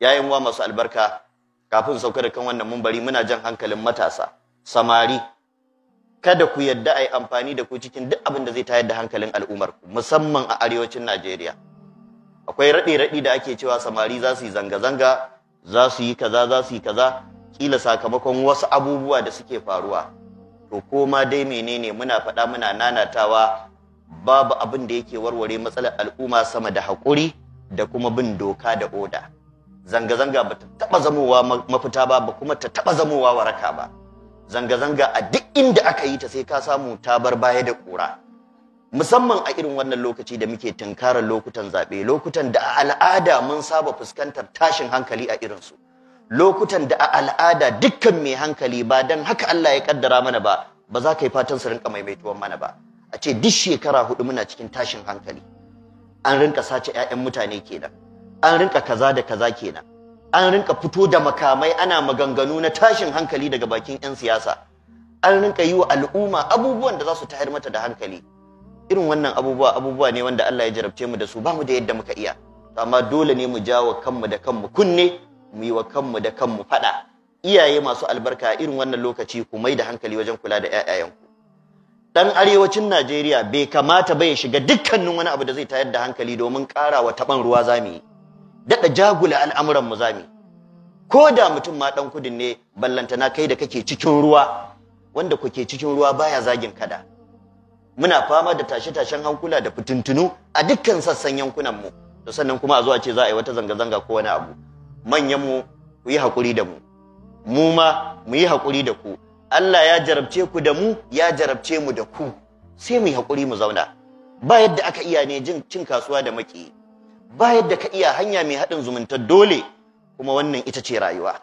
yayin wa masu albarka kafin sauka da kan wannan mumbari muna jan hankalin matasa samari kada ku yadda a yi amfani da ku cikin duk abin da zai tayar da hankalin al'ummar ku musamman a arewacin Najeriya akwai raɗe-raɗi da ake cewa samari za su yi zanga-zanga za su yi kaza za su yi kaza kila sakamakon wasu abubuwa da suke faruwa to koma dai menene muna faɗa muna nanatawa babu abin da yake warware matsalar al'umma sama da haƙuri da kuma bin doka da oda zanga-zanga ba ta taɓa zamowa mafita ba ba kuma ta taɓa zamowa waraka ba zanga-zanga a duk inda aka yi ta sai ka samu ta bar baya da ƙura musamman a irin wannan lokaci da muke tunkarar lokutan zaɓe lokutan da a al'ada mun saba fuskantar tashin hankali a irin su. lokutan da a al'ada dukkan mai hankali ba don haka Allah ya kaddara mana ba ba za ka yi fatan su rinka maimaituwan mana ba a ce duk shekara hudu muna cikin tashin hankali an rinka sace 'ya'yan mutane kenan an rinka kaza da kaza kenan an rinka fito da makamai ana maganganu na tashin hankali daga bakin 'yan siyasa an rinka yi wa al'umma abubuwan da za su tayar mata da hankali irin wannan abubuwa abubuwa ne wanda Allah ya jarabce mu da su ba mu da yadda muka iya amma dole ne mu jawo kanmu da kanmu kunne mu yi wa kanmu da kanmu faɗa iyaye masu albarka irin wannan lokaci ku mai da hankali wajen kula da 'ya'yayanku dan arewacin Najeriya bai kamata ba ya shiga dukkanin wani abu da zai tayar da hankali domin ƙara wa taban ruwa zamu yi daɗa jagula al'amuran mu zami ko da mutum ma ɗan kudin ne ballantana kai da kake cikin ruwa wanda kuke cikin ruwa baya zagin kada muna fama da tashe-tashen hankula da fitintunu a dukkan sassan yankunan mu sannan kuma a zuwa ce za a yi wata zanga-zanga ko wani abu manyan mu ku yi haƙuri da mu mu ma mu yi haƙuri da ku Allah ya jarabce ku da mu ya jarabce mu da ku sai mu yi haƙuri mu zauna ba yadda aka iya ne jin cin kasuwa da maki ba yadda ka iya hanya mai haɗin zumunta dole kuma wannan ita ce rayuwa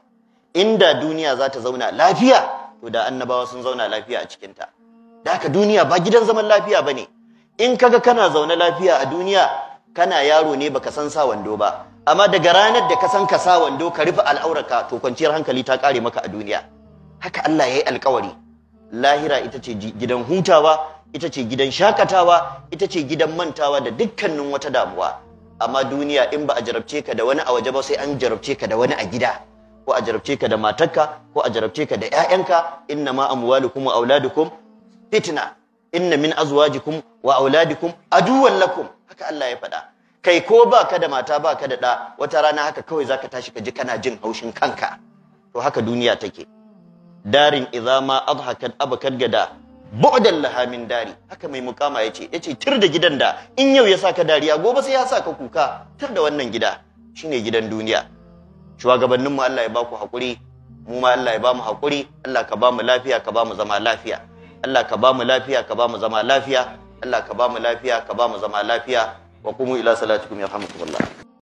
inda duniya za ta zauna lafiya to da annabawa sun zauna lafiya a cikinta da haka duniya ba gidan zaman lafiya ba ne in kaga kana zaune lafiya a duniya kana yaro ne baka san sa wando ba amma daga ranar da ka san ka sa wando ka rufe al'auraka to kwanciyar hankali ta kare maka a duniya haka Allah ya yi alkawari lahira ita ce gidan hutawa ita ce gidan shakatawa ita ce gidan mantawa da dukkanin wata damuwa amma duniya in ba a jarabce ka da wani a waje ba sai an jarabce ka da wani a gida ko a jarabce ka da matarka ko a jarabce ka da ƴaƴanka inna ma amwalukum wa auladukum fitna inna min azwajikum wa auladikum aduwwan lakum haka Allah ya faɗa kai ko ba ka da mata ba ka da ɗa wata rana haka kawai zaka tashi ka ji kana jin haushin kanka to haka duniya take darin idza ma adhakat abakat gada bu'dan laha min dari haka mai mukama yace yace tir da gidan da in yau ya saka dariya gobe sai ya saka kuka tir da wannan gida shine gidan duniya shugabannin mu Allah ya ba ku hakuri mu ma Allah ya ba mu hakuri Allah ka ba mu lafiya ka ba mu zama lafiya Allah ka ba mu lafiya ka ba mu zama lafiya Allah ka ba mu lafiya ka ba mu zama lafiya wa kumu ila salatikum yarhamukumullah